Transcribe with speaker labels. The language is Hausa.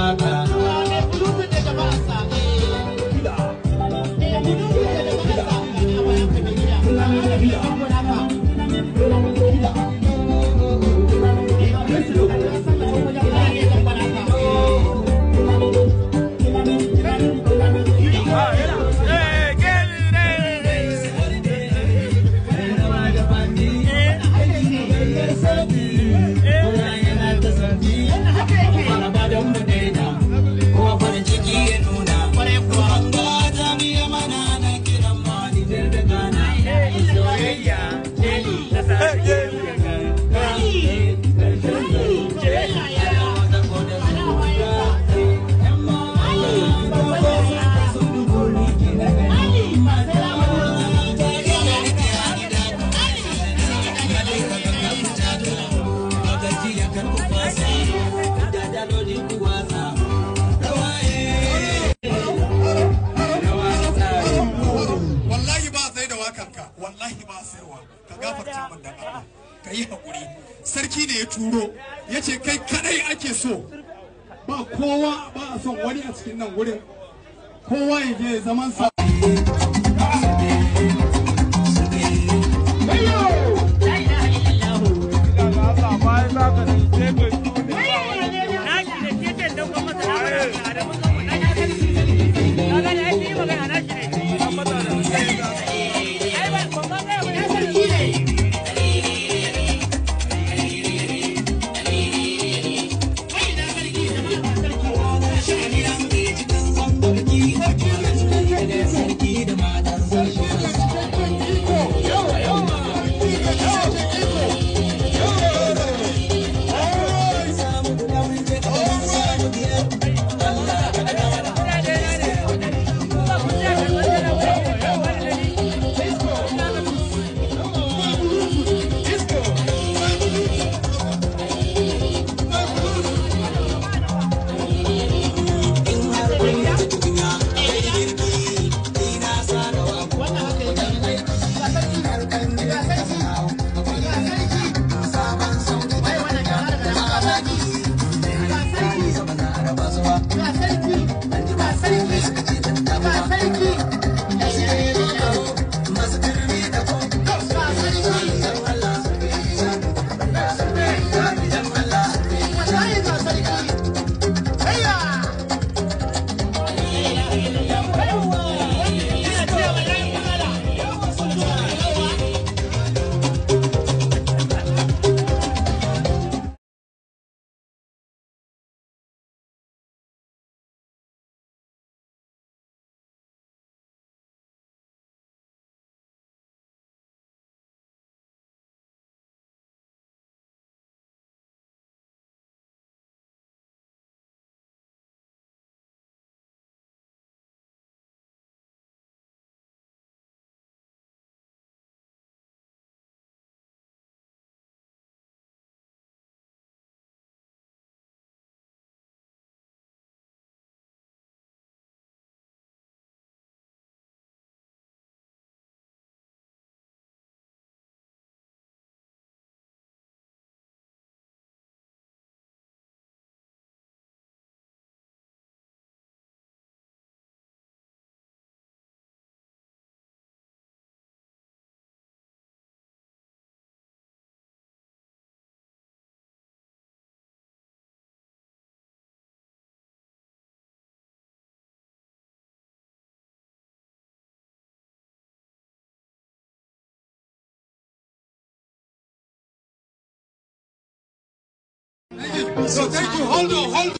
Speaker 1: Yes, I ka gafarta min dan ka yi hakuri sarki da ya turo ya ce kai kadai ake so ba kowa ba a son wani a cikin nan wurin kowa ya je zaman sa So thank you. Hold on, hold on.